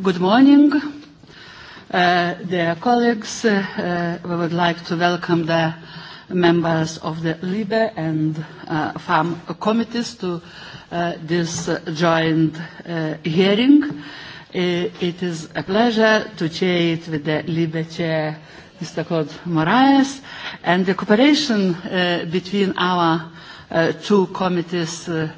Good morning. Uh, dear colleagues, uh, we would like to welcome the members of the LIBE and uh, FAM committees to uh, this uh, joint uh, hearing. Uh, it is a pleasure to chair it with the LIBE chair, Mr. Claude Moraes, and the cooperation uh, between our uh, two committees uh,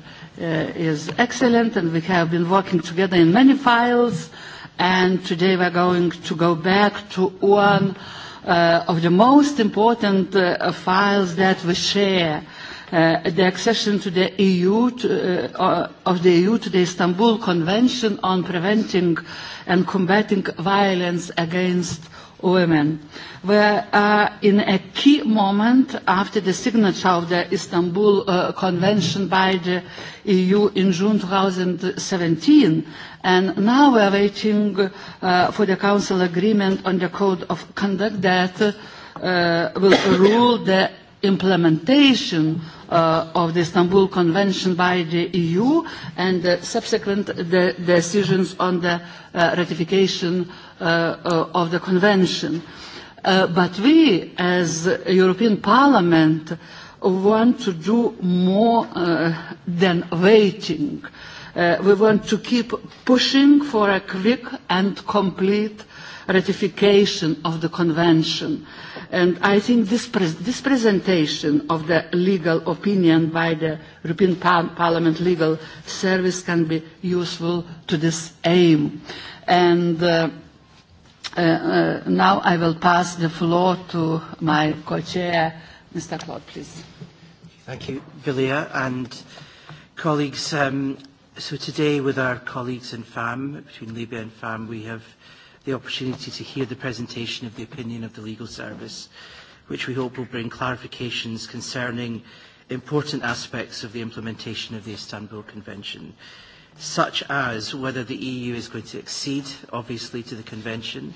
uh, is excellent, and we have been working together in many files. And today we're going to go back to one uh, of the most important uh, files that we share, uh, the accession to the EU to, uh, uh, of the EU to the Istanbul Convention on Preventing and Combating Violence Against women were uh, in a key moment after the signature of the Istanbul uh, Convention by the EU in June 2017, and now we're waiting uh, for the Council agreement on the Code of Conduct that uh, will rule the implementation uh, of the Istanbul Convention by the EU and the uh, subsequent de decisions on the uh, ratification uh, uh, of the Convention. Uh, but we, as European Parliament, want to do more uh, than waiting. Uh, we want to keep pushing for a quick and complete ratification of the Convention. And I think this, pre- this presentation of the legal opinion by the European par- Parliament Legal Service can be useful to this aim. And uh, Uh, uh, now I will pass the floor to my co-chair, Mr. Claude, please. Thank you, Vilia, and colleagues. Um, so today, with our colleagues in FAM, between Libya and FAM, we have the opportunity to hear the presentation of the opinion of the legal service, which we hope will bring clarifications concerning important aspects of the implementation of the Istanbul Convention. Uh, such as whether the EU is going to accede, obviously, to the Convention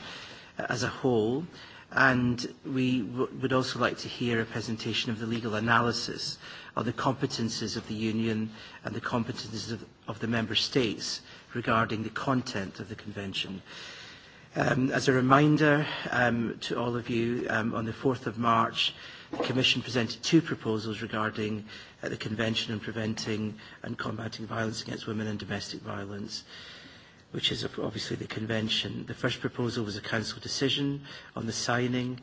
uh, as a whole, and we w- would also like to hear a presentation of the legal analysis of the competences of the Union and the competences of, of the Member States regarding the content of the Convention. Um, as a reminder um, to all of you, um, on the 4th of March, the Commission presented two proposals regarding at the Convention on Preventing and Combating Violence Against Women and Domestic Violence, which is obviously the Convention. The first proposal was a Council decision on the signing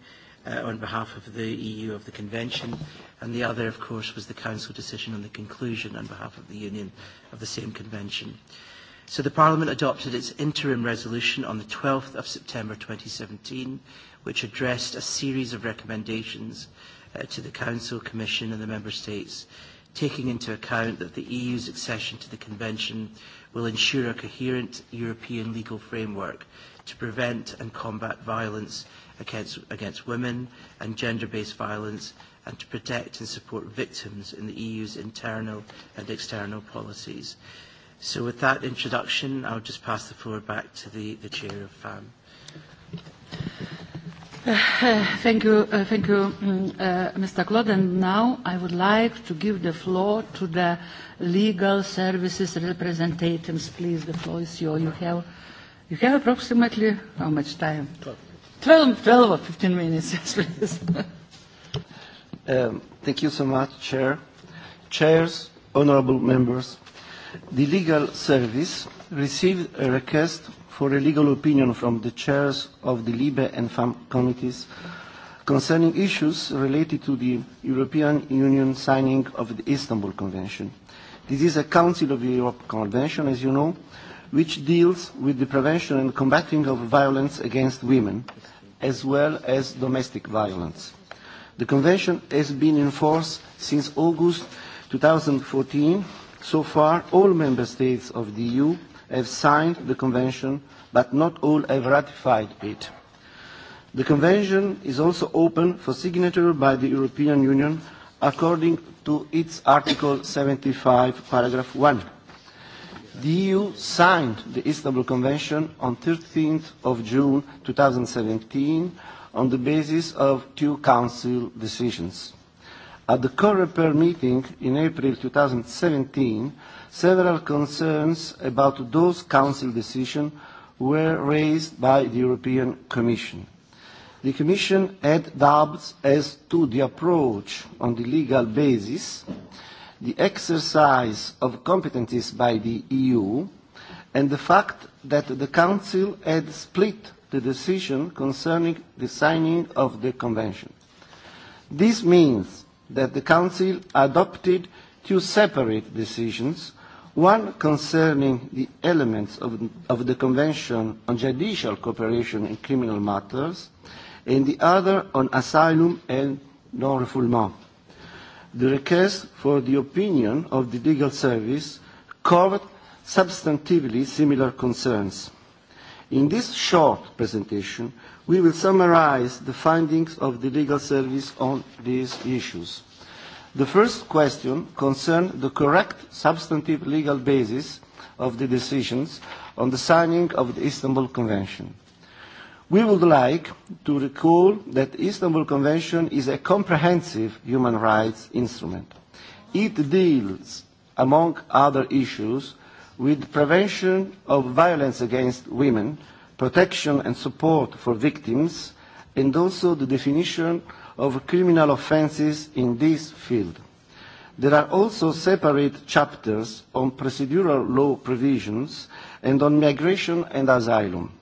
uh, on behalf of the EU of the Convention, and the other, of course, was the Council decision on the conclusion on behalf of the Union of the same Convention. So the Parliament adopted its interim resolution on the 12th of September 2017, which addressed a series of recommendations uh, to the Council, Commission and the Member States, taking into account that the EU's accession to the Convention will ensure a coherent European legal framework to prevent and combat violence against, against women and gender-based violence and to protect and support victims in the EU's internal and external policies. So with that introduction, I'll just pass the floor back to the, the Chair of FAM. Uh, thank you, uh, thank you, mm, uh, Mr. Claude. And now I would like to give the floor to the legal services representatives. Please, the floor is yours. You have, you have approximately how much time? 12. 12, 12 or 15 minutes, yes, please. um, thank you so much, Chair. Chairs, honorable members, the legal service received a request for a legal opinion from the chairs of the LIBE and FAM committees concerning issues related to the European Union signing of the Istanbul Convention. This is a Council of Europe convention, as you know, which deals with the prevention and combating of violence against women, as well as domestic violence. The convention has been in force since August 2014. So far, all member states of the EU have signed the Convention, but not all have ratified it. The Convention is also open for signature by the European Union according to its Article 75, paragraph 1. The EU signed the Istanbul Convention on 13th of June 2017 on the basis of two Council decisions. At the COREPER meeting in April 2017, several concerns about those council decisions were raised by the European Commission. The Commission had doubts as to the approach on the legal basis, the exercise of competencies by the EU, and the fact that the Council had split the decision concerning the signing of the Convention. This means that the Council adopted two separate decisions, one concerning the elements of, of the Convention on Judicial Cooperation in Criminal Matters, and the other on asylum and non-refoulement. The request for the opinion of the legal service covered substantively similar concerns. In this short presentation, We will summarize the findings of the legal service on these issues. The first question concerned the correct substantive legal basis of the decisions on the signing of the Istanbul Convention. We would like to recall that the Istanbul Convention is a comprehensive human rights instrument. It deals, among other issues, with prevention of violence against women, protection and support for victims, and also the definition of criminal offences in this field. There are also separate chapters on procedural law provisions and on migration and asylum.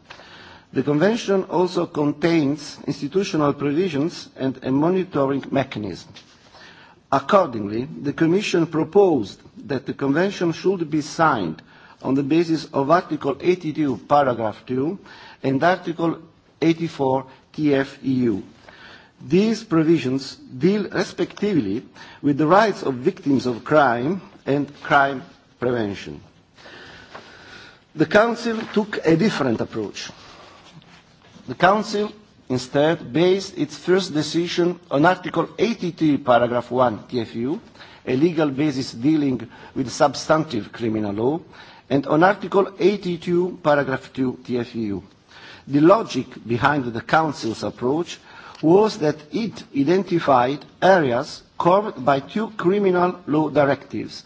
The Convention also contains institutional provisions and a monitoring mechanism. Accordingly, the Commission proposed that the Convention should be signed on the basis of Article 82, paragraph 2, and Article 84, TFEU. These provisions deal respectively with the rights of victims of crime and crime prevention. The Council took a different approach. The Council instead based its first decision on Article 82, paragraph 1 TFU, e a legal basis dealing with substantive criminal law, and on Article 82, paragraph 2 TFEU. The logic behind the Council's approach was that it identified areas covered by two criminal law directives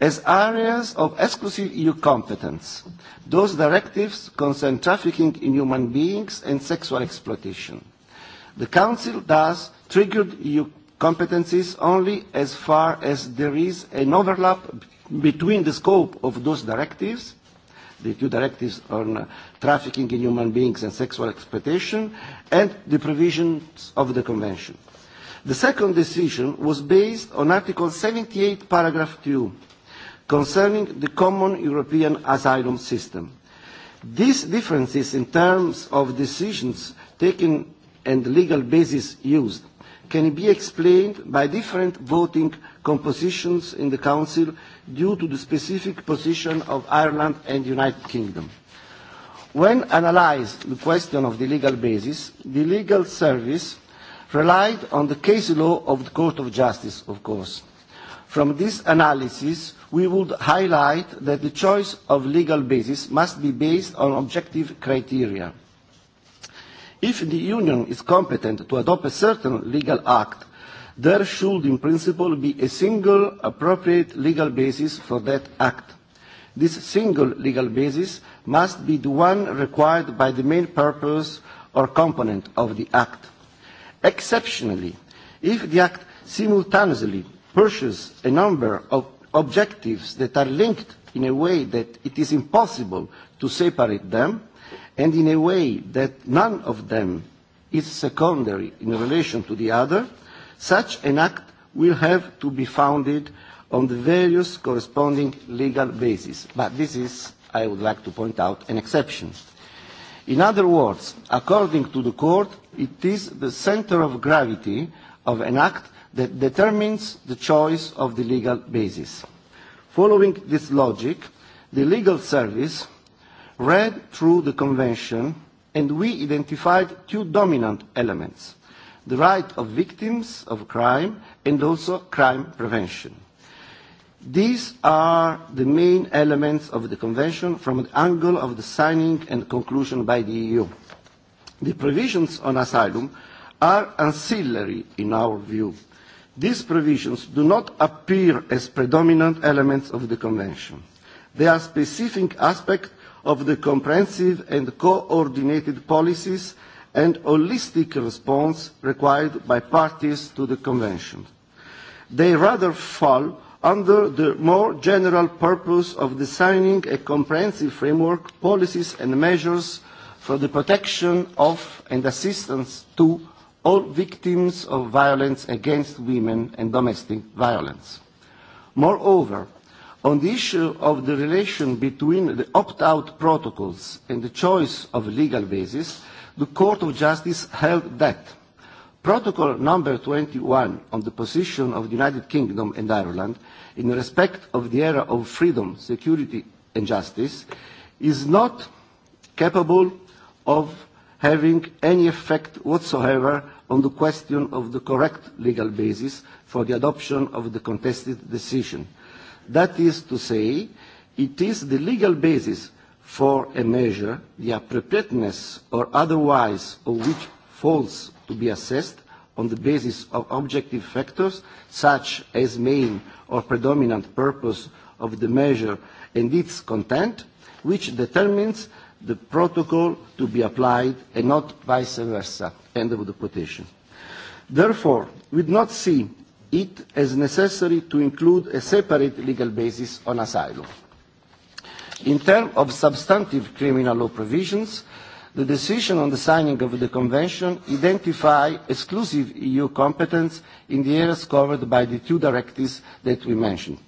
as areas of exclusive EU competence. Those directives concern trafficking in human beings and sexual exploitation. The Council thus triggered EU competencies only as far as there is an overlap between the scope of those directives, the two directives on uh, trafficking in human beings and sexual exploitation, and the provisions of the Convention. The second decision was based on Article 78, paragraph 2, concerning the common European asylum system. These differences in terms of decisions taken and the legal basis used can be explained by different voting compositions in the Council due to the specific position of Ireland and the United Kingdom. When analysed the question of the legal basis, the legal service relied on the case law of the Court of Justice, of course. From this analysis, we would highlight that the choice of legal basis must be based on objective criteria. If the Union is competent to adopt a certain legal act there should in principle be a single appropriate legal basis for that act. This single legal basis must be the one required by the main purpose or component of the act. Exceptionally, if the act simultaneously pursues a number of objectives that are linked in a way that it is impossible to separate them, and in a way that none of them is secondary in relation to the other, Such an act will have to be founded on the various corresponding legal basis, but this is, I would like to point out, an exception. In other words, according to the Court, it is the center of gravity of an act that determines the choice of the legal basis. Following this logic, the legal service read through the Convention and we identified two dominant elements the right of victims of crime, and also crime prevention. These are the main elements of the Convention from the angle of the signing and conclusion by the EU. The provisions on asylum are ancillary in our view. These provisions do not appear as predominant elements of the Convention. They are specific aspects of the comprehensive and coordinated policies and holistic response required by parties to the Convention. They rather fall under the more general purpose of designing a comprehensive framework, policies and measures for the protection of and assistance to all victims of violence against women and domestic violence. Moreover, on the issue of the relation between the opt-out protocols and the choice of legal basis, the Court of Justice held that Protocol number 21 on the position of the United Kingdom and Ireland in respect of the era of freedom, security and justice is not capable of having any effect whatsoever on the question of the correct legal basis for the adoption of the contested decision. That is to say, it is the legal basis for a measure, the appropriateness or otherwise of which falls to be assessed on the basis of objective factors such as main or predominant purpose of the measure and its content, which determines the protocol to be applied and not vice versa. End of the quotation. Therefore, we do not see it as necessary to include a separate legal basis on asylum. In terms of substantive criminal law provisions, the decision on the signing of the Convention identify exclusive EU competence in the areas covered by the two directives that we mentioned.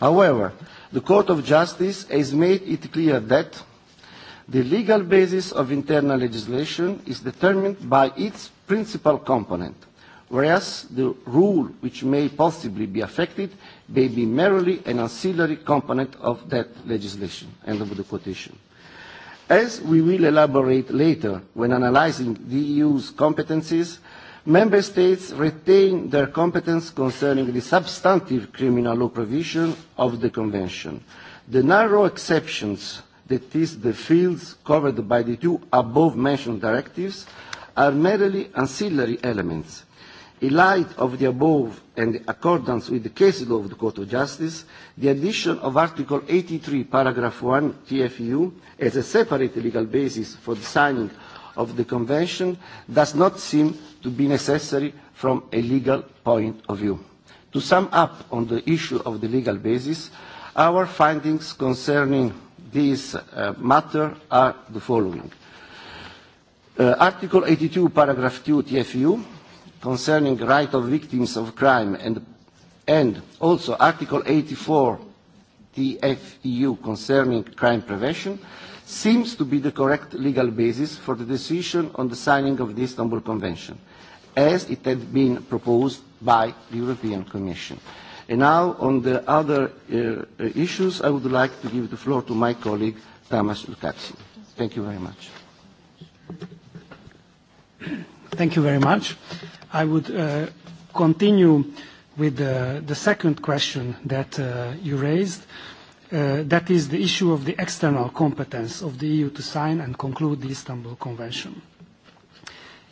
However, the Court of Justice has made it clear that the legal basis of internal legislation is determined by its principal component, whereas the rule which may possibly be affected may be merely an ancillary component of that legislation. End of the quotation. As we will elaborate later when analyzing the EU's competencies, Member States retain their competence concerning the substantive criminal law provision of the Convention. The narrow exceptions, that is, the fields covered by the two above-mentioned directives, are merely ancillary elements In light of the above and in accordance with the case law of the Court of Justice, the addition of Article 83, paragraph 1 TFEU as a separate legal basis for the signing of the Convention does not seem to be necessary from a legal point of view. To sum up on the issue of the legal basis, our findings concerning this uh, matter are the following. Uh, Article 82, paragraph 2 TFU concerning right of victims of crime and, and also Article 84 TFEU concerning crime prevention seems to be the correct legal basis for the decision on the signing of the Istanbul Convention, as it had been proposed by the European Commission. And now, on the other uh, issues, I would like to give the floor to my colleague, Tamas Lukacsi. Thank you very much. Thank you very much. I would uh, continue with the, the second question that uh, you raised. Uh, that is the issue of the external competence of the EU to sign and conclude the Istanbul Convention.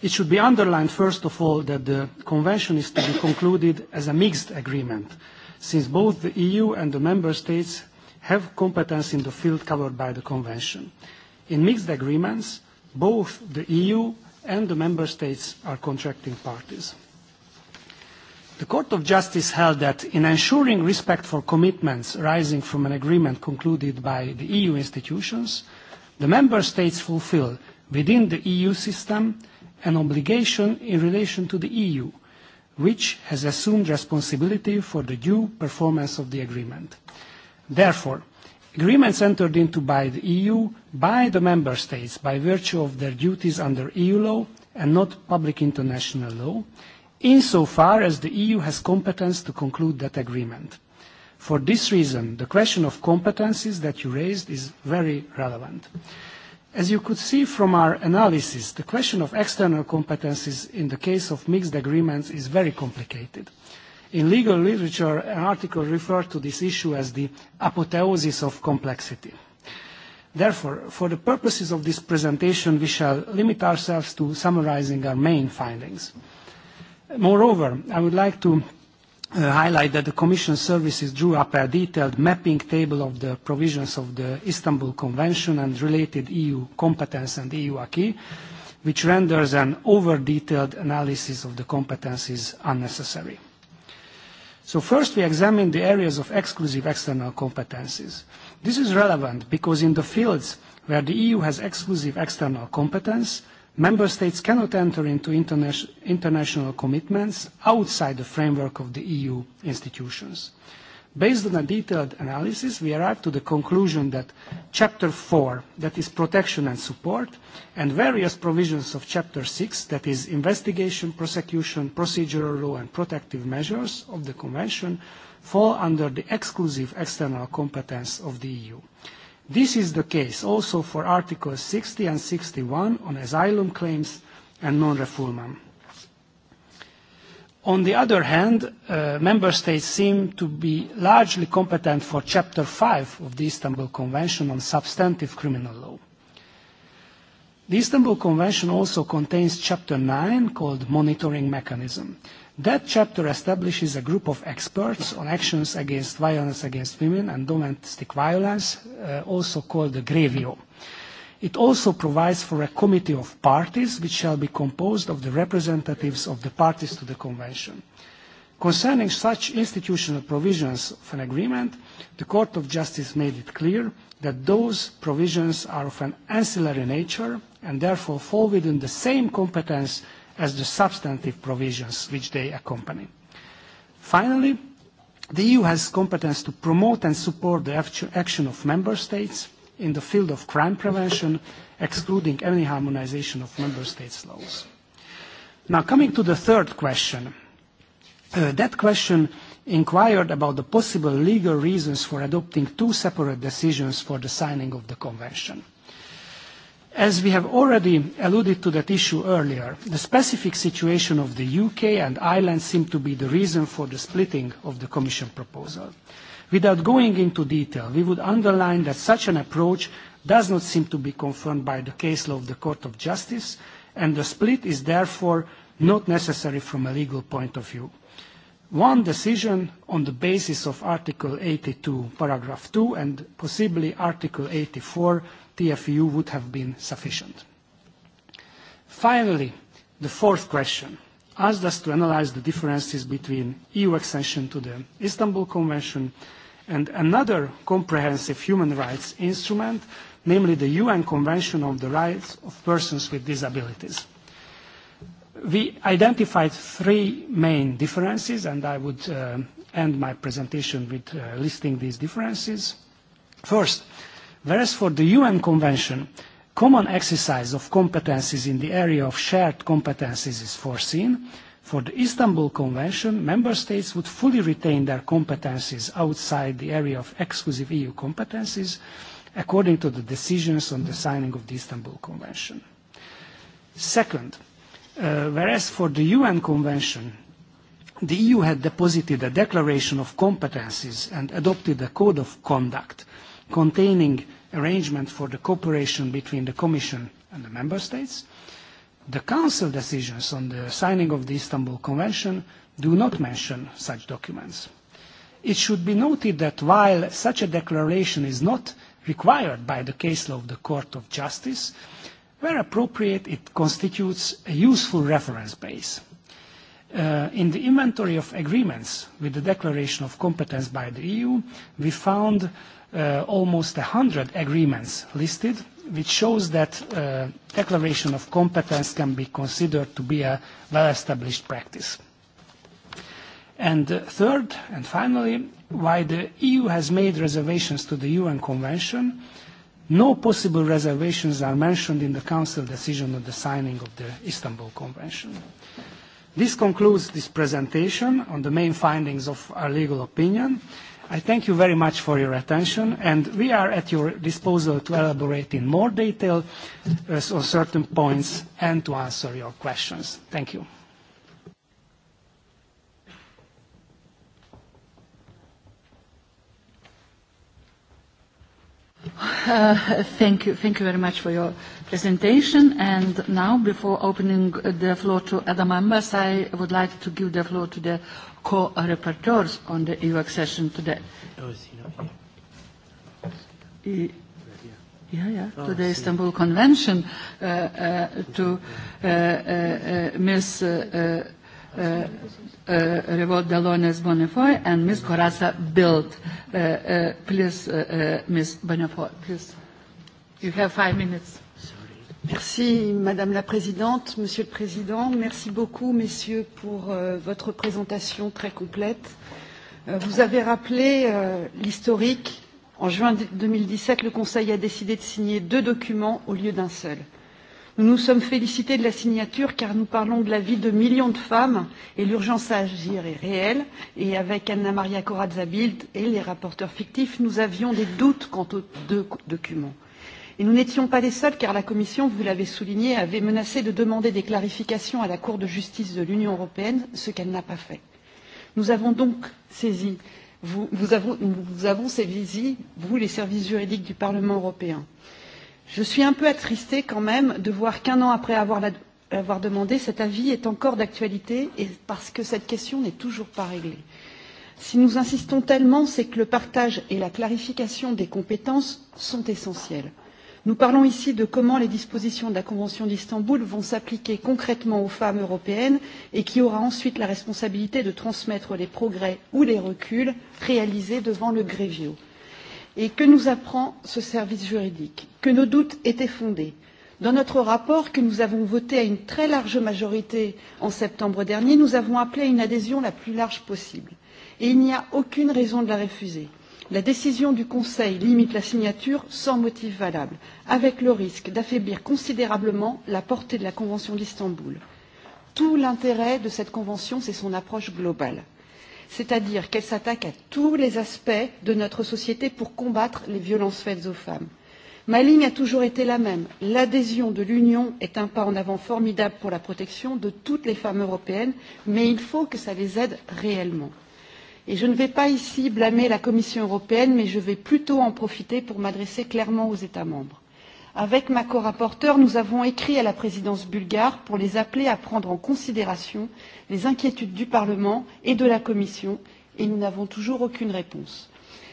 It should be underlined, first of all, that the convention is to be concluded as a mixed agreement, since both the EU and the member states have competence in the field covered by the convention. In mixed agreements, both the EU and the member states are contracting parties. The Court of Justice held that in ensuring respect for commitments arising from an agreement concluded by the EU institutions, the member states fulfill within the EU system an obligation in relation to the EU, which has assumed responsibility for the due performance of the agreement. Therefore, Agreements entered into by the EU, by the member states, by virtue of their duties under EU law and not public international law, insofar as the EU has competence to conclude that agreement. For this reason, the question of competencies that you raised is very relevant. As you could see from our analysis, the question of external competencies in the case of mixed agreements is very complicated. In legal literature, an article refers to this issue as the apotheosis of complexity. Therefore, for the purposes of this presentation, we shall limit ourselves to summarizing our main findings. Moreover, I would like to uh, highlight that the Commission services drew up a detailed mapping table of the provisions of the Istanbul Convention and related EU competence and EU acquis, which renders an over-detailed analysis of the competencies unnecessary. So first we examine the areas of exclusive external competencies. This is relevant because in the fields where the EU has exclusive external competence, member states cannot enter into interna international commitments outside the framework of the EU institutions. Uh, Based on a detailed analysis, we arrived to the conclusion that Chapter 4, that is protection and support, and various provisions of Chapter 6, that is investigation, prosecution, procedural law, and protective measures of the Convention, fall under the exclusive external competence of the EU. This is the case also for Articles 60 and 61 on asylum claims and non-refoulement. On the other hand, uh, member states seem to be largely competent for Chapter 5 of the Istanbul Convention on substantive criminal law. The Istanbul Convention also contains Chapter 9 called Monitoring Mechanism. That chapter establishes a group of experts on actions against violence against women and domestic violence, uh, also called the GREVIO. Uh, It also provides for a committee of parties which shall be composed of the representatives of the parties to the Convention. Concerning such institutional provisions of an agreement, the Court of Justice made it clear that those provisions are of an ancillary nature and therefore fall within the same competence as the substantive provisions which they accompany. Finally, the EU has competence to promote and support the action of member states in the field of crime prevention, excluding any harmonization of member states' laws. Now, coming to the third question, uh, that question inquired about the possible legal reasons for adopting two separate decisions for the signing of the convention. As we have already alluded to that issue earlier, the specific situation of the U.K. and Ireland seem to be the reason for the splitting of the Commission proposal. Without going into detail, we would underline that such an approach does not seem to be confirmed by the case law of the Court of Justice, and the split is therefore not necessary from a legal point of view. One decision on the basis of Article 82, paragraph 2, and possibly Article 84, TFEU would have been sufficient. Finally, the fourth question asked us to analyze the differences between EU accession to the Istanbul Convention and another comprehensive human rights instrument, namely the UN Convention on the Rights of Persons with Disabilities. We identified three main differences, and I would uh, end my presentation with uh, listing these differences. First, whereas for the UN Convention, uh, Common exercise of competencies in the area of shared competencies is foreseen. For the Istanbul Convention, member states would fully retain their competencies outside the area of exclusive EU competencies, according to the decisions on the signing of the Istanbul Convention. Second, uh, whereas for the UN Convention, the EU had deposited a declaration of competencies and adopted a code of conduct containing arrangement for the cooperation between the Commission and the Member States, the Council decisions on the signing of the Istanbul Convention do not mention such documents. It should be noted that while such a declaration is not required by the case law of the Court of Justice, where appropriate, it constitutes a useful reference base. Uh, in the inventory of agreements with the declaration of competence by the EU, we found uh, almost 100 agreements listed, which shows that uh, declaration of competence can be considered to be a well-established practice. And uh, third, and finally, while the EU has made reservations to the UN Convention, no possible reservations are mentioned in the Council decision on the signing of the Istanbul Convention. This concludes this presentation on the main findings of our legal opinion. Uh, I thank you very much for your attention, and we are at your disposal to elaborate in more detail uh, on certain points and to answer your questions. Thank you. Uh, thank you. Thank you very much for your presentation. And now, before opening uh, the floor to other members, I would like to give the floor to the co-rapporteurs on the EU accession to the... Oh, is he not here? E, yeah, yeah, oh, to the Istanbul Convention, uh, uh, to uh, uh, uh, Ms. Uh, uh, uh, uh, uh Revolt Delones Bonifoy and Ms. Corazza Build. Uh, uh, please, uh, uh, Ms. Bonifoy, please. You have five minutes. Merci Madame la Présidente, Monsieur le Président, merci beaucoup Messieurs pour euh, votre présentation très complète. Euh, vous avez rappelé euh, l'historique. En juin 2017, le Conseil a décidé de signer deux documents au lieu d'un seul. Euh, Nous nous sommes félicités de la signature car nous parlons de la vie de millions de femmes et l'urgence à agir est réelle. Et avec Anna Maria Corazza-Bild et les rapporteurs fictifs, nous avions des doutes quant aux deux documents. Et nous n'étions pas les seuls car la Commission, vous l'avez souligné, avait menacé de demander des clarifications à la Cour de justice de l'Union européenne, ce qu'elle n'a pas fait. Nous avons donc saisi vous, vous avons, nous avons saisi, vous, les services juridiques du Parlement européen. Euh, Je suis un peu attristée quand même de voir qu'un an après avoir, la, avoir demandé, cet avis est encore d'actualité et parce que cette question n'est toujours pas réglée. Si nous insistons tellement, c'est que le partage et la clarification des compétences sont essentiels. Nous parlons ici de comment les dispositions de la Convention d'Istanbul vont s'appliquer concrètement aux femmes européennes et qui aura ensuite la responsabilité de transmettre les progrès ou les reculs réalisés devant le Grévio. Et que nous apprend ce service juridique Que nos doutes étaient fondés. Dans notre rapport que nous avons voté à une très large majorité en septembre dernier, nous avons appelé à une adhésion la plus large possible. Et il n'y a aucune raison de la refuser. La décision du Conseil limite la signature sans motif valable, avec le risque d'affaiblir considérablement la portée de la Convention d'Istanbul. Tout l'intérêt de cette Convention, c'est son approche globale c'est-à-dire qu'elle s'attaque à tous les aspects de notre société pour combattre les violences faites aux femmes. Ma ligne a toujours été la même. L'adhésion de l'Union est un pas en avant formidable pour la protection de toutes les femmes européennes, mais il faut que ça les aide réellement. Et je ne vais pas ici blâmer la Commission européenne, mais je vais plutôt en profiter pour m'adresser clairement aux États membres. Avec ma corapporteure, nous avons écrit à la présidence bulgare pour les appeler à prendre en considération les inquiétudes du Parlement et de la Commission, et nous n'avons toujours aucune réponse.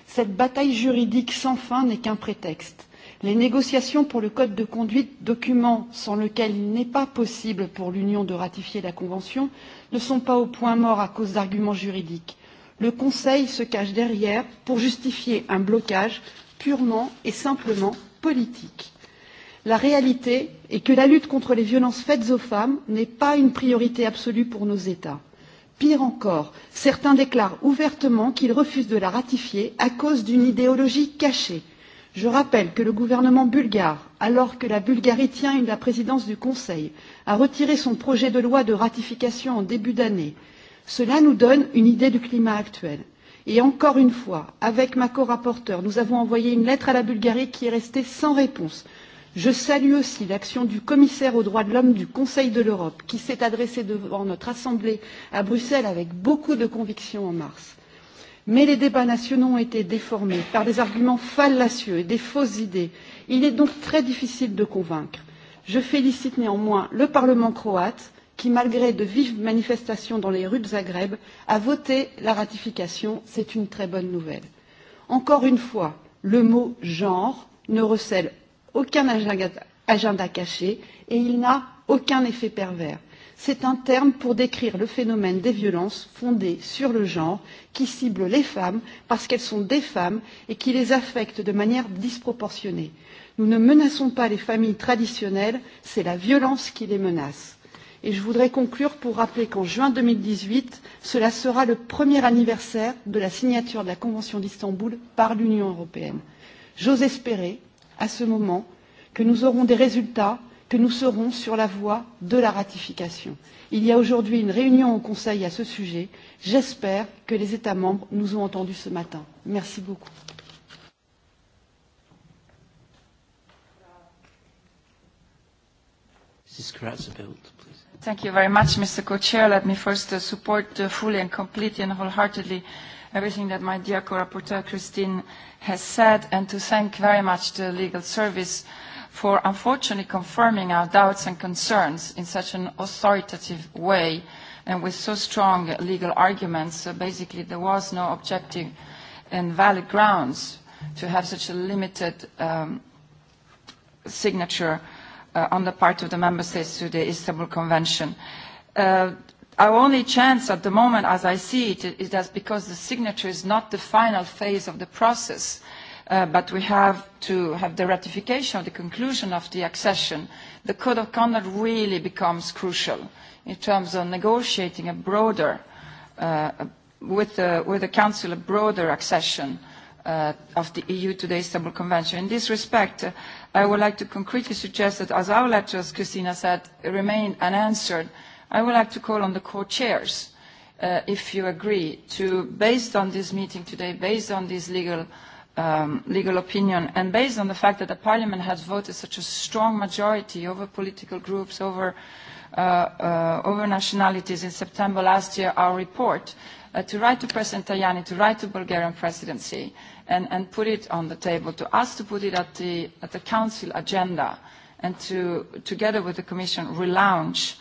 Cette bataille juridique sans fin n'est qu'un prétexte. Les négociations pour le code de conduite, document sans lequel il n'est pas possible pour l'Union de ratifier la Convention, ne sont pas au point mort à cause d'arguments juridiques. Le Conseil se cache derrière pour justifier un blocage purement et simplement politique La réalité est que la lutte contre les violences faites aux femmes n'est pas une priorité absolue pour nos États. Pire encore, certains déclarent ouvertement qu'ils refusent de la ratifier à cause d'une idéologie cachée. Je rappelle que le gouvernement bulgare, alors que la Bulgarie tient la présidence du Conseil, a retiré son projet de loi de ratification en début d'année. Cela nous donne une idée du climat actuel. Et encore une fois, avec ma corapporteure, nous avons envoyé une lettre à la Bulgarie qui est restée sans réponse Je salue aussi l'action du commissaire aux droits de l'homme du Conseil de l'Europe, qui s'est adressé devant notre Assemblée à Bruxelles avec beaucoup de conviction en mars. Mais les débats nationaux ont été déformés par des arguments fallacieux et des fausses idées. Il est donc très difficile de convaincre. Je félicite néanmoins le Parlement croate qui, malgré de vives manifestations dans les rues de Zagreb, a voté la ratification. C'est une très bonne nouvelle. Encore une fois, le mot genre ne recèle aucun agenda, agenda caché et il n'a aucun effet pervers. C'est un terme pour décrire le phénomène des violences fondées sur le genre qui ciblent les femmes parce qu'elles sont des femmes et qui les affectent de manière disproportionnée. Nous ne menaçons pas les familles traditionnelles, c'est la violence qui les menace. Et je voudrais conclure pour rappeler qu'en juin 2018, cela sera le premier anniversaire de la signature de la Convention d'Istanbul par l'Union européenne. J'ose espérer à ce moment que nous aurons des résultats que nous serons sur la voie de la ratification. Il y a aujourd'hui une réunion au Conseil à ce sujet. J'espère que les États membres nous ont entendus ce matin. Merci beaucoup. Thank you very much, Mr. Co-Chair. Let me first uh, support uh, fully and completely and wholeheartedly uh, everything that my dear co-rapporteur Christine has said and to thank very much the legal service for unfortunately confirming our doubts and concerns in such an authoritative way and with so strong legal arguments. So basically there was no objective and valid grounds to have such a limited um, signature uh, on the part of the member states to the Istanbul Convention. Uh, Our only chance at the moment, as I see it, is that because the signature is not the final phase of the process, uh, but we have to have the ratification of the conclusion of the accession, the code of conduct really becomes crucial in terms of negotiating a broader, uh, with, the, uh, with the Council, a broader accession uh, of the EU to the Istanbul Convention. In this respect, uh, I would like to concretely suggest that, as our letters, Christina said, remain unanswered, uh, I would like to call on the co-chairs, uh, if you agree, to, based on this meeting today, based on this legal, um, legal opinion, and based on the fact that the Parliament has voted such a strong majority over political groups, over, uh, uh, over nationalities in September last year, our report, uh, to write to President Tajani, to write to Bulgarian presidency, and, and put it on the table, to us to put it at the, at the Council agenda, and to, together with the Commission, relaunch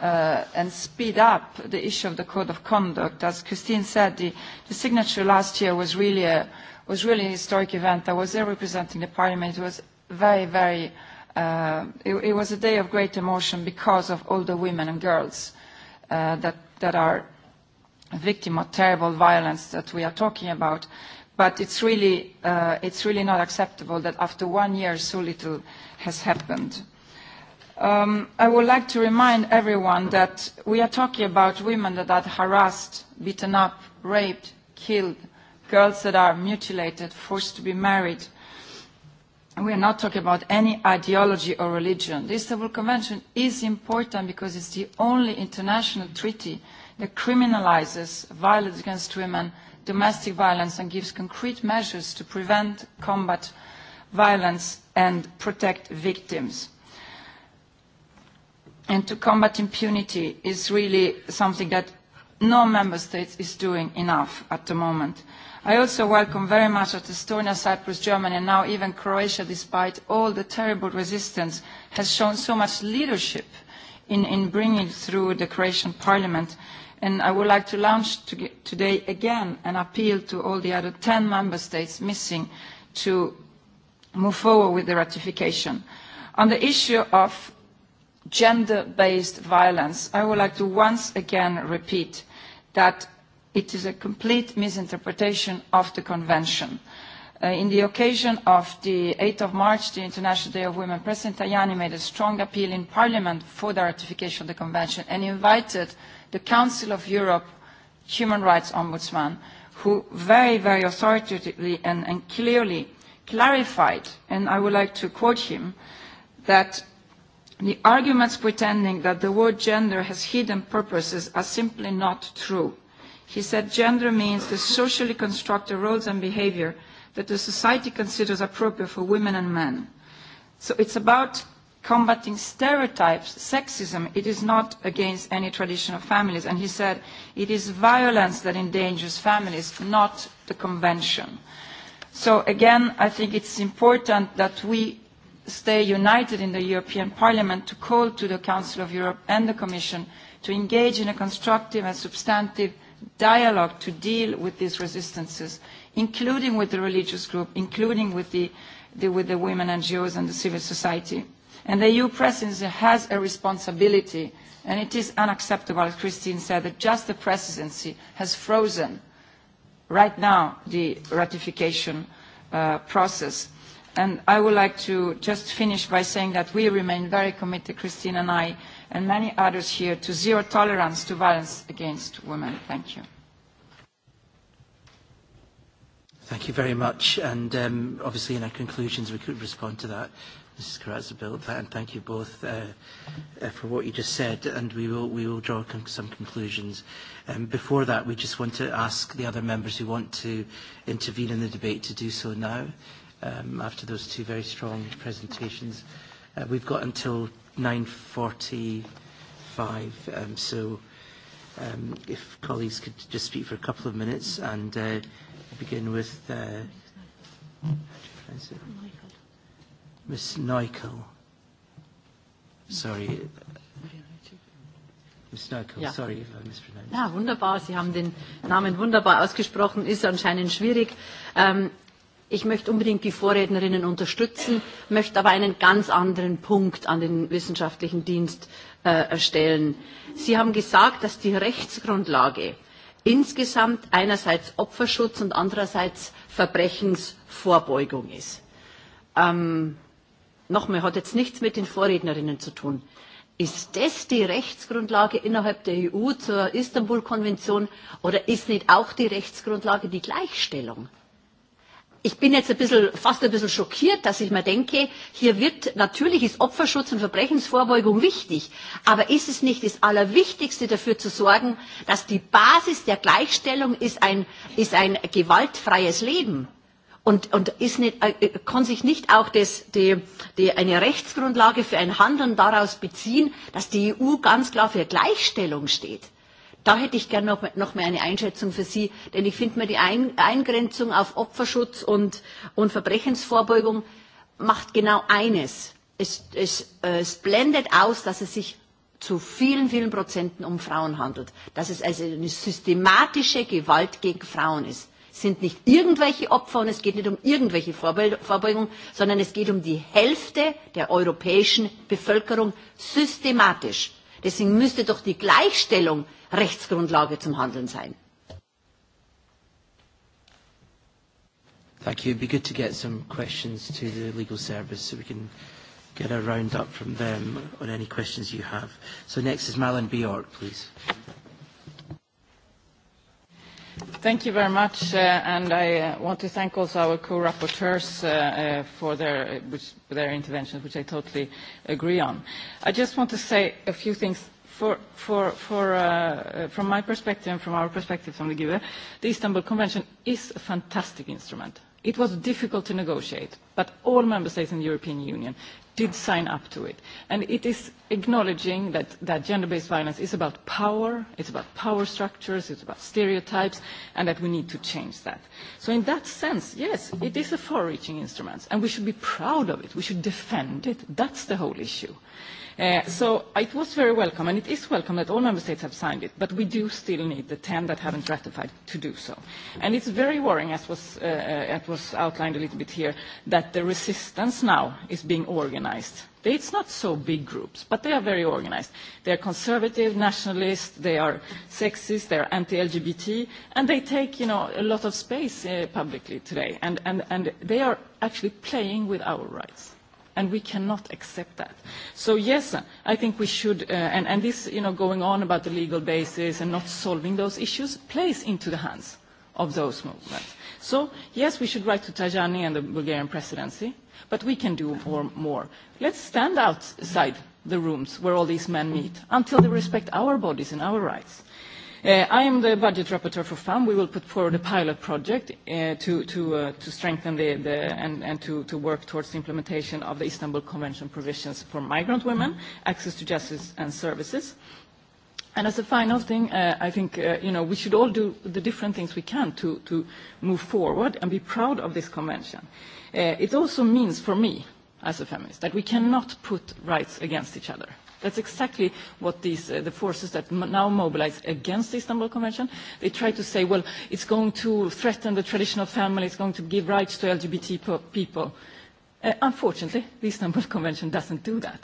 uh, and speed up the issue of the code of conduct. As Christine said, the, the signature last year was really a, was really a historic event. I was there representing the parliament. It was very, very, uh, it, it was a day of great emotion because of all the women and girls uh, that, that are a victim of terrible violence that we are talking about. But it's really, uh, it's really not acceptable that after one year so little has happened. Uh, Um, I would like to remind everyone that we are talking about women that are harassed, beaten up, raped, killed, girls that are mutilated, forced to be married. We are not talking about any ideology or religion. The Istanbul Convention is important because it's the only international treaty that criminalizes violence against women, domestic violence, and gives concrete measures to prevent, combat violence, and protect victims and to combat impunity is really something that no member state is doing enough at the moment. I also welcome very much that Estonia, Cyprus, Germany and now even Croatia, despite all the terrible resistance, has shown so much leadership in, in bringing through the Croatian parliament. And I would like to launch to, today again an appeal to all the other 10 member states missing to move forward with the ratification. On the issue of gender-based violence, I would like to once again repeat that it is a complete misinterpretation of the Convention. Uh, in the occasion of the 8th of March, the International Day of Women, President Tajani made a strong appeal in Parliament for the ratification of the Convention and invited the Council of Europe Human Rights Ombudsman, who very, very authoritatively and, and clearly clarified, and I would like to quote him, that The arguments pretending that the word gender has hidden purposes are simply not true. He said gender means the socially constructed roles and behavior that the society considers appropriate for women and men. So it's about combating stereotypes, sexism. It is not against any tradition of families. And he said it is violence that endangers families, not the convention. So again, I think it's important that we stay united in the European Parliament to call to the Council of Europe and the Commission to engage in a constructive and substantive dialogue to deal with these resistances, including with the religious group, including with the, the, with the women NGOs and the civil society. And the EU presidency has a responsibility, and it is unacceptable, as Christine said, that just the presidency has frozen right now the ratification uh, process And I would like to just finish by saying that we remain very committed, Christine and I, and many others here, to zero tolerance to violence against women. Thank you. Thank you very much. And um, obviously in our conclusions, we could respond to that, Mrs. Karatza-Bilt, and thank you both uh, uh, for what you just said. And we will, we will draw con some conclusions. Um, before that, we just want to ask the other members who want to intervene in the debate to do so now um, after those two very strong presentations. Uh, we've got until 9.45, um, so um, if colleagues could just speak for a couple of minutes and uh, begin with uh, Ms. Neukel. Sorry. Ms. Neukel, ja. sorry if I mispronounced. Ja, wunderbar. Sie haben den Namen wunderbar ausgesprochen. Ist anscheinend schwierig. Ähm, Ich möchte unbedingt die Vorrednerinnen unterstützen, möchte aber einen ganz anderen Punkt an den wissenschaftlichen Dienst äh, erstellen. Sie haben gesagt, dass die Rechtsgrundlage insgesamt einerseits Opferschutz und andererseits Verbrechensvorbeugung ist. Ähm, Nochmal, hat jetzt nichts mit den Vorrednerinnen zu tun. Ist das die Rechtsgrundlage innerhalb der EU zur Istanbul-Konvention oder ist nicht auch die Rechtsgrundlage die Gleichstellung? ich bin jetzt ein bisschen, fast ein bisschen schockiert, dass ich mir denke, hier wird, natürlich ist Opferschutz und Verbrechensvorbeugung wichtig, aber ist es nicht das Allerwichtigste dafür zu sorgen, dass die Basis der Gleichstellung ist ein, ist ein gewaltfreies Leben? Und, und ist nicht, äh, äh, kann sich nicht auch das, die, die, eine Rechtsgrundlage für ein Handeln daraus beziehen, dass die EU ganz klar für Gleichstellung steht? Da hätte ich gerne noch, noch mehr eine Einschätzung für Sie, denn ich finde mir die Ein Eingrenzung auf Opferschutz und, und Verbrechensvorbeugung macht genau eines. Es, es, äh, es blendet aus, dass es sich zu vielen, vielen Prozenten um Frauen handelt. Dass es also eine systematische Gewalt gegen Frauen ist. Es sind nicht irgendwelche Opfer und es geht nicht um irgendwelche Vorbeugung, sondern es geht um die Hälfte der europäischen Bevölkerung systematisch. Deswegen müsste doch die Gleichstellung Rechtsgrundlage zum Handeln sein. Thank you. It'd be good to get some questions to the legal service so we can get a round up from them on any questions you have. So next is Malin Bjork, please. Thank you very much, uh, and I uh, want to thank also our co-rapporteurs uh, uh, for their, uh, which, their interventions, which I totally agree on. I just want to say a few things For, for, for, uh, uh, from my perspective and from our perspective from the GUE, the Istanbul Convention is a fantastic instrument. It was difficult to negotiate, but all member states in the European Union did sign up to it. And it is acknowledging that, that gender-based violence is about power, it's about power structures, it's about stereotypes, and that we need to change that. So in that sense, yes, it is a far-reaching instrument, and we should be proud of it. We should defend it. That's the whole issue. Uh, Uh, so uh, it was very welcome, and it is welcome that all member states have signed it, but we do still need the 10 that haven't ratified to do so. And it's very worrying, as was, uh, uh, as was outlined a little bit here, that the resistance now is being organized it's not so big groups, but they are very organized. They are conservative, nationalist, they are sexist, they are anti-LGBT, and they take you know, a lot of space uh, publicly today, and, and, and they are actually playing with our rights and we cannot accept that. So yes, I think we should, uh, and, and this you know, going on about the legal basis and not solving those issues plays into the hands of those movements. So yes, we should write to Tajani and the Bulgarian presidency, but we can do more. more. Let's stand outside the rooms where all these men meet until they respect our bodies and our rights. Uh, I am the budget rapporteur for FAM. We will put forward a pilot project uh, to, to, uh, to strengthen the, the, and, and to, to work towards the implementation of the Istanbul Convention provisions for migrant women, access to justice and services. And as a final thing, uh, I think uh, you know, we should all do the different things we can to, to move forward and be proud of this convention. Uh, it also means for me, as a feminist, that we cannot put rights against each other. That's exactly what these, uh, the forces that m now mobilize against the Istanbul Convention, they try to say, well, it's going to threaten the traditional family, it's going to give rights to LGBT people. Uh, unfortunately, the Istanbul Convention doesn't do that,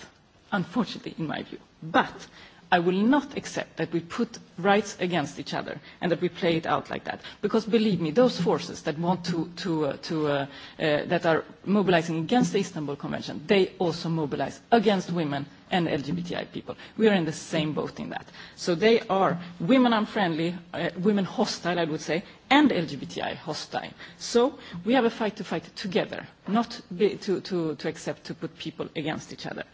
unfortunately, in my view. But I will not accept that we put rights against each other and that we play it out like that. Because believe me, those forces that want to, to, uh, to uh, uh, that are mobilizing against the Istanbul Convention, they also mobilize against women and LGBTI people. We are in the same boat in that. So they are women unfriendly, uh, women hostile, I would say, and LGBTI hostile. So we have a fight to fight together, not be, to, to, to accept to put people against each other.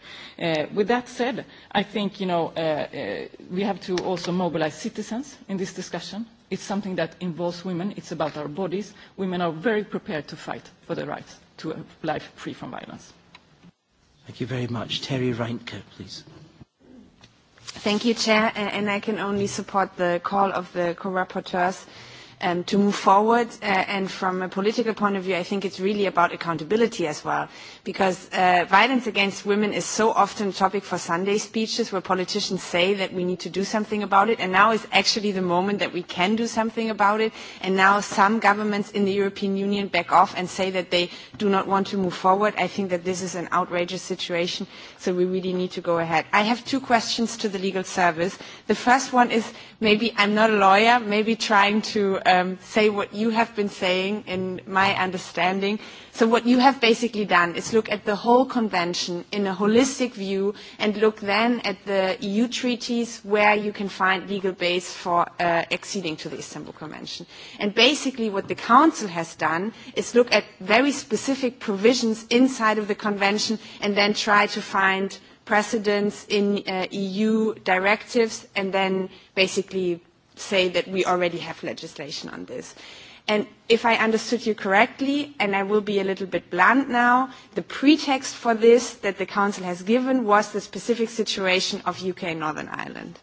Uh, with that said, I think you know, uh, uh, we have to also mobilize citizens in this discussion. It's something that involves women. It's about our bodies. Women are very prepared to fight for the right to a life free from violence. Thank you very much. Terry Reinke, please. Thank you, Chair, and I can only support the call of the co-rapporteurs. Uh, um, to move forward. Uh, and from a political point of view, I think it's really about accountability as well, because uh, violence against women is so often a topic for Sunday speeches where politicians say that we need to do something about it. And now is actually the moment that we can do something about it. And now some governments in the European Union back off and say that they do not want to move forward. I think that this is an outrageous situation, so we really need to go ahead. I have two questions to the legal service. The first one is maybe I'm not a lawyer, maybe trying to uh, um, say what you have been saying in my understanding. So what you have basically done is look at the whole convention in a holistic view and look then at the EU treaties where you can find legal base for uh, acceding to the Istanbul Convention. And basically what the Council has done is look at very specific provisions inside of the convention and then try to find precedents in uh, EU directives and then basically say that we already have legislation on this. And if I understood you correctly, and I will be a little bit blunt now, the pretext for this that the Council has given was the specific situation of UK and Northern Ireland.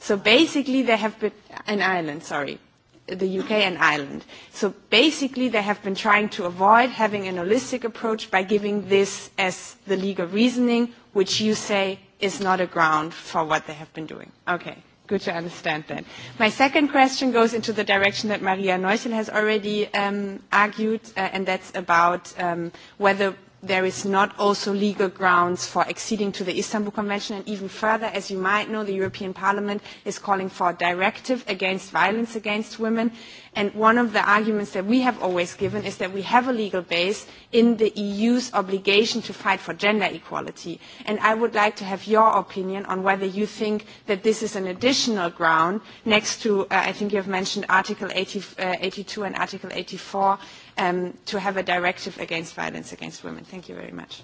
So basically there have been, in Ireland, sorry, the UK and Ireland. So basically they have been trying to avoid having an holistic approach by giving this as the legal reasoning, which you say is not a ground for what they have been doing. Okay, good to understand that. My second question goes into the direction that Maria Neuchel has already um, argued, uh, and that's about um, whether there is not also legal grounds for acceding to the Istanbul Convention. And even further, as you might know, the European Parliament is calling for a directive against violence against women. And one of the arguments that we have always given is that we have a legal base in the EU's obligation to fight for gender equality. And I would like to have your opinion on whether you think that this is an additional ground next to, uh, I think you have mentioned Article 80, uh, 82 and Article 84, um, to have a directive against violence against women. Thank you very much.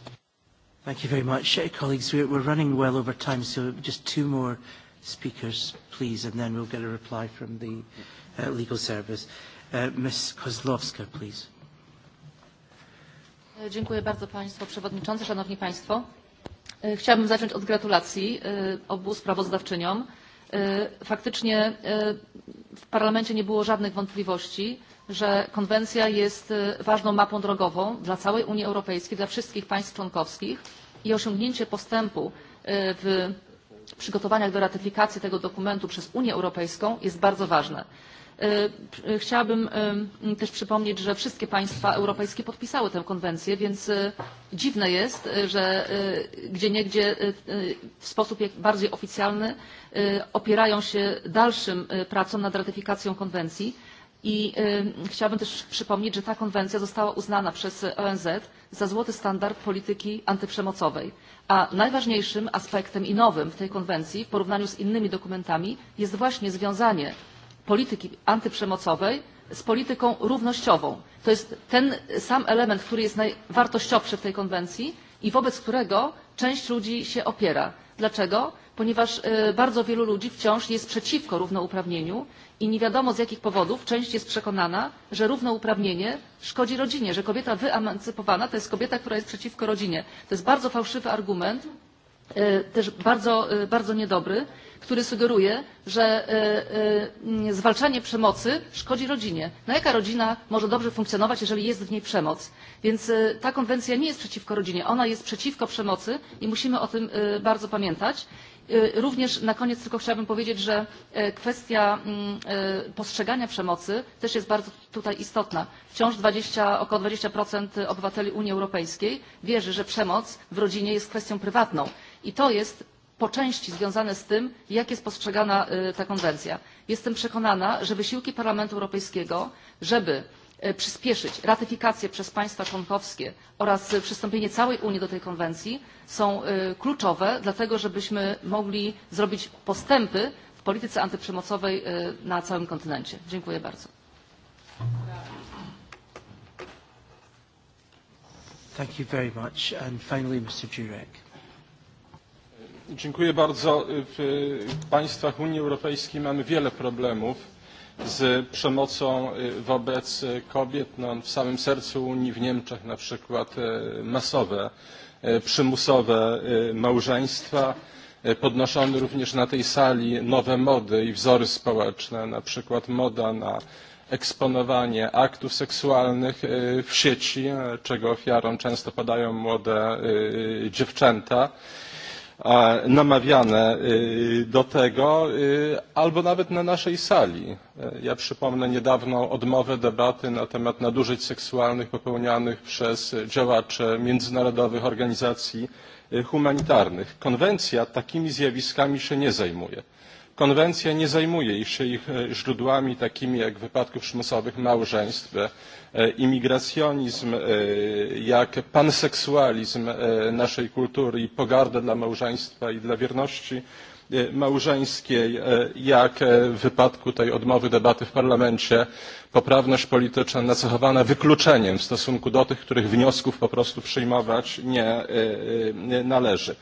Thank you very much. Uh, colleagues, we're, we're running well over time, so just two more speakers, please, and then we'll get a reply from the uh, legal service. Uh, Ms. Kozlowska, please. E, dziękuję bardzo Państwu Przewodniczący, Szanowni Państwo. E, chciałabym zacząć od gratulacji e, obu sprawozdawczyniom. Faktycznie w Parlamencie nie było żadnych wątpliwości że konwencja jest ważną mapą drogową dla całej Unii Europejskiej, dla wszystkich państw członkowskich i osiągnięcie postępu w przygotowaniach do ratyfikacji tego dokumentu przez Unię Europejską jest bardzo ważne. Chciałabym też przypomnieć, że wszystkie państwa europejskie podpisały tę konwencję, więc dziwne jest, że gdzieniegdzie w sposób bardziej oficjalny opierają się dalszym pracom nad ratyfikacją konwencji I y, chciałabym też przypomnieć, że ta konwencja została uznana przez ONZ za złoty standard polityki antyprzemocowej. A najważniejszym aspektem i nowym w tej konwencji w porównaniu z innymi dokumentami jest właśnie związanie polityki antyprzemocowej z polityką równościową. To jest ten sam element, który jest najwartościowszy w tej konwencji i wobec którego część ludzi się opiera. Dlaczego? ponieważ e, bardzo wielu ludzi wciąż jest przeciwko równouprawnieniu i nie wiadomo z jakich powodów część jest przekonana że równouprawnienie szkodzi rodzinie że kobieta wyemancypowana to jest kobieta która jest przeciwko rodzinie. to jest bardzo fałszywy argument e, też bardzo, e, bardzo niedobry który sugeruje że zwalczanie przemocy szkodzi rodzinie. no jaka rodzina może dobrze funkcjonować jeżeli jest w niej przemoc? więc ta konwencja nie jest przeciwko rodzinie ona jest przeciwko przemocy i musimy o tym bardzo pamiętać. E, również na koniec tylko chciałabym powiedzieć, że e, kwestia mm, e, postrzegania przemocy też jest bardzo tutaj istotna. Wciąż 20, około 20% obywateli Unii Europejskiej wierzy, że przemoc w rodzinie jest kwestią prywatną. I to jest po części związane z tym, jak jest postrzegana ta konwencja. Jestem przekonana, że wysiłki Parlamentu Europejskiego, żeby E, przyspieszyć ratyfikację przez państwa członkowskie oraz e, przystąpienie całej unii do tej konwencji są e, kluczowe dlatego żebyśmy mogli zrobić postępy w polityce antyprzemocowej na całym kontynencie. dziękuję bardzo. Thank you very much. And finally, Mr. Jurek. Dziękuję bardzo. W państwach Unii Europejskiej mamy wiele problemów z przemocą wobec kobiet no, w samym sercu Unii, w Niemczech na przykład masowe, przymusowe małżeństwa. Podnoszono również na tej sali nowe mody i wzory społeczne, na przykład moda na eksponowanie aktów seksualnych w sieci, czego ofiarą często padają młode dziewczęta. Yy, namawiane do tego, albo nawet na naszej sali. Ja przypomnę niedawną odmowę debaty na temat nadużyć seksualnych popełnianych przez działaczy międzynarodowych organizacji humanitarnych. Konwencja takimi zjawiskami się nie zajmuje. Konwencja nie zajmuje się ich e, źródłami takimi jak wypadków przymusowych małżeństw, e, imigracjonizm, e, jak panseksualizm naszej kultury i pogarda dla małżeństwa i dla wierności małżeńskiej, jak w wypadku tej odmowy debaty w parlamencie poprawność polityczna nacechowana wykluczeniem w stosunku do tych, których wniosków po prostu przyjmować nie należy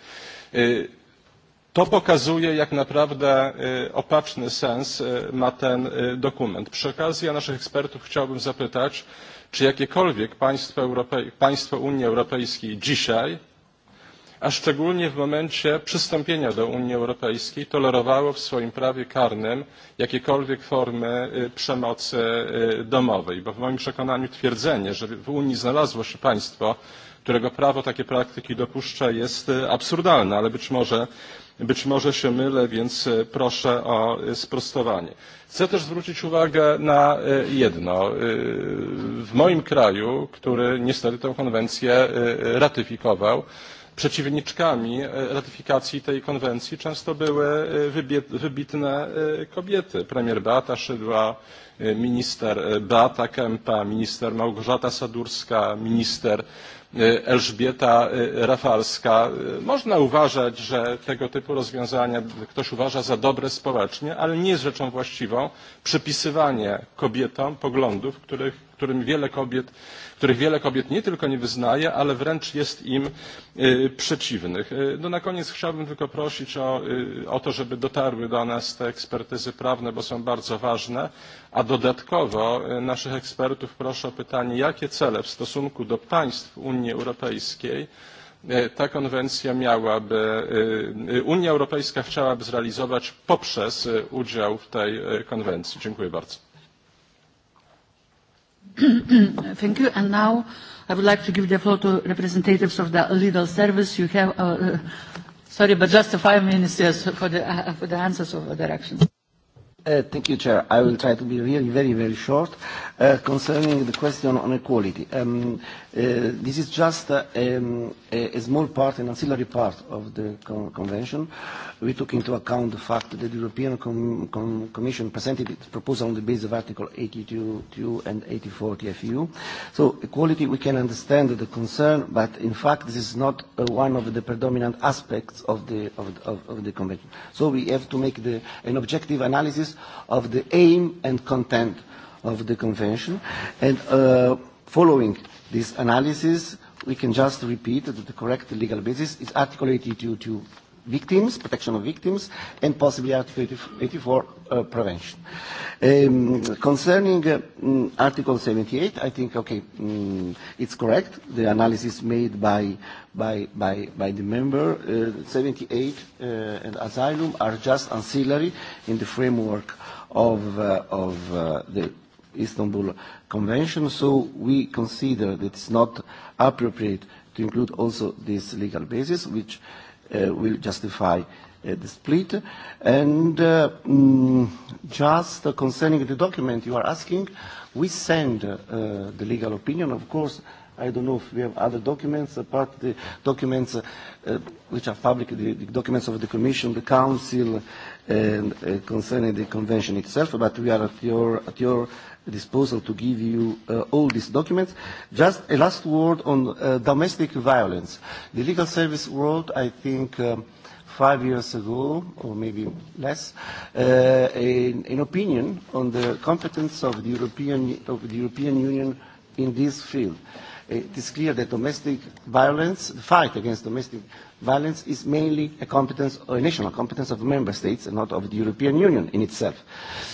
To pokazuje, jak naprawdę opaczny sens ma ten dokument. Przy okazji ja naszych ekspertów chciałbym zapytać, czy jakiekolwiek państwo, Europej państwo Unii Europejskiej dzisiaj, a szczególnie w momencie przystąpienia do Unii Europejskiej, tolerowało w swoim prawie karnym jakiekolwiek formy przemocy domowej. Bo w moim przekonaniu twierdzenie, że w Unii znalazło się państwo, którego prawo takie praktyki dopuszcza, jest absurdalne, ale być może Być może się mylę, więc e, proszę o e, sprostowanie. Chcę też zwrócić uwagę na e, jedno. W moim kraju, który niestety tę konwencję ratyfikował, przeciwniczkami ratyfikacji tej konwencji często były wybitne kobiety. Premier Beata Szydła, Eh, minister eh, Beata Kempa, minister Małgorzata Sadurska, minister eh, Elżbieta Rafalska. Można uważać, że tego typu rozwiązania ktoś uważa za dobre społecznie, ale nie jest rzeczą właściwą przypisywanie kobietom poglądów, których, którym wiele kobiet, których wiele kobiet nie tylko nie wyznaje, ale wręcz jest im e, przeciwnych. E, no na koniec chciałbym tylko prosić o, e, o to, żeby dotarły do nas te ekspertyzy prawne, bo są bardzo ważne, a dodatkowo e, naszych ekspertów proszę o pytanie, jakie cele w stosunku do państw Unii Europejskiej e, ta konwencja miałaby, e, Unia Europejska chciałaby zrealizować poprzez udział w tej konwencji. Dziękuję bardzo. Thank you. And now I would like to give the floor to representatives of the legal service. You have, uh, uh sorry, but just five minutes yes, for, the, uh, for the answers of the actions. Uh, thank you, Chair. I will try to be really very, very short. Uh, concerning the question on equality, um, uh, this is just uh, um, a, a small part, an ancillary part of the con Convention. We took into account the fact that the European com com Commission presented its proposal on the basis of Article 82 and 84 TFU. So equality, we can understand the concern, but in fact this is not uh, one of the predominant aspects of the, of, of, of the Convention. So we have to make the, an objective analysis consciousness of the aim and content of the convention. And uh, following this analysis, we can just repeat that the correct legal basis is Article 82.2 victims, protection of victims, and possibly Article 84 uh, prevention. Um, concerning uh, um, Article 78, I think, okay, um, it's correct, the analysis made by, by, by, by the member. Uh, 78 uh, and asylum are just ancillary in the framework of, uh, of uh, the Istanbul Convention, so we consider that it's not appropriate to include also this legal basis, which uh, uh, will justify uh, the split. And uh, mm, just uh, concerning the document you are asking, we send uh, the legal opinion. Of course, I don't know if we have other documents apart the documents uh, uh, which are public, the, the documents of the Commission, the Council, and uh, concerning the Convention itself. But we are at your at your disposal to give you uh, all these documents. Just a last word on uh, domestic violence. The legal service world, I think, um, five years ago, or maybe less, uh, an, an opinion on the competence of the European, of the European Union in this field. Uh, it is clear that domestic violence, the fight against domestic violence, violence is mainly a competence, or a national competence of member states and not of the European Union in itself.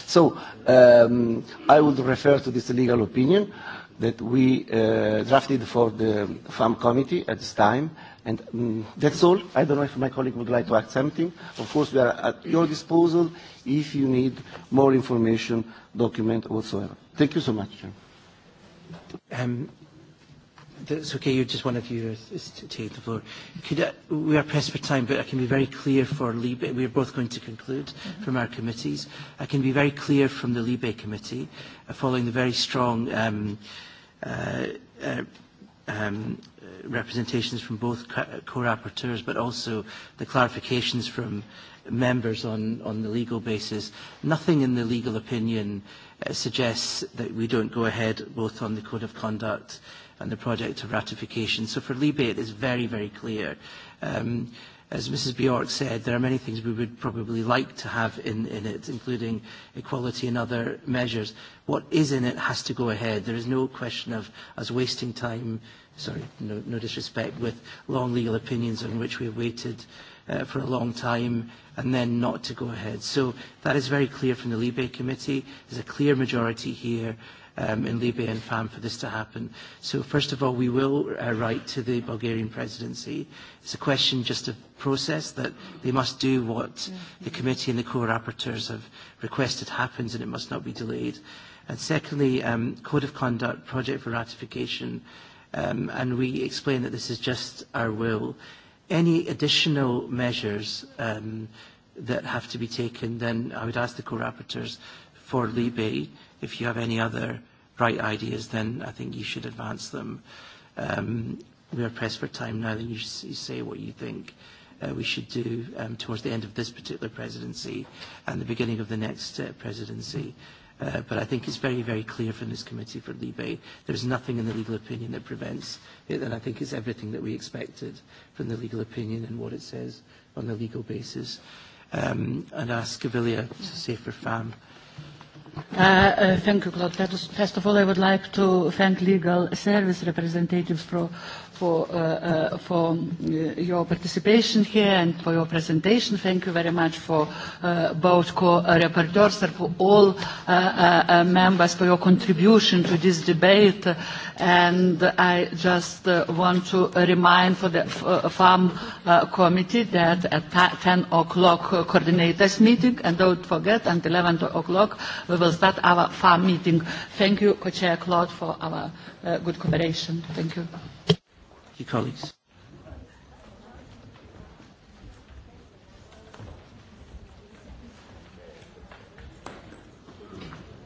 So um, I would refer to this legal opinion that we uh, drafted for the FAM committee at this time. And um, that's all. I don't know if my colleague would like to add something. Of course, we are at your disposal if you need more information, document, whatsoever. Thank you so much. Um, That's okay, you're just one of you is to take the floor. Could I, we are pressed for time, but I can be very clear for Libe. We are both going to conclude mm-hmm. from our committees. I can be very clear from the Libe committee, uh, following the very strong um, uh, uh, um, representations from both co-rapporteurs, but also the clarifications from members on, on the legal basis. Nothing in the legal opinion uh, suggests that we don't go ahead both on the code of conduct uh, and the project of ratification. So for Libe, it is very, very clear. Um, as Mrs. Bjork said, there are many things we would probably like to have in, in it, including equality and other measures. What is in it has to go ahead. There is no question of us wasting time, sorry, no, no disrespect, with long legal opinions on which we have waited uh, for a long time and then not to go ahead. So that is very clear from the Libe Committee. There's a clear majority here um, in Libya and FAM for this to happen. So first of all, we will uh, write to the Bulgarian presidency. It's a question just of process that they must do what mm-hmm. the committee and the co-rapporteurs have requested happens and it must not be delayed. And secondly, um, code of conduct, project for ratification, um, and we explain that this is just our will. Any additional measures um, that have to be taken, then I would ask the co-rapporteurs for Libe. If you have any other bright ideas, then I think you should advance them. Um, we are pressed for time now, then you, you say what you think uh, we should do um, towards the end of this particular presidency and the beginning of the next uh, presidency. Uh, but I think it's very, very clear from this committee for Libe, there's nothing in the legal opinion that prevents it, and I think it's everything that we expected from the legal opinion and what it says on the legal basis. Um, and ask Gavilia to say for FAM. Uh, Uh, uh, thank you, Claude. First of all, I would like to thank legal service representatives for, for, uh, uh, for uh, your participation here and for your presentation. Thank you very much for uh, both co-rapporteurs and for all uh, uh, uh, members for your contribution to this debate. And I just uh, want to remind for the F uh, Farm uh, Committee that at 10 o'clock coordinators meeting, and don't forget, at 11 o'clock we will was that our farm meeting. Thank you, Co-Chair Claude, for our uh, good cooperation. Thank you. Thank you, colleagues.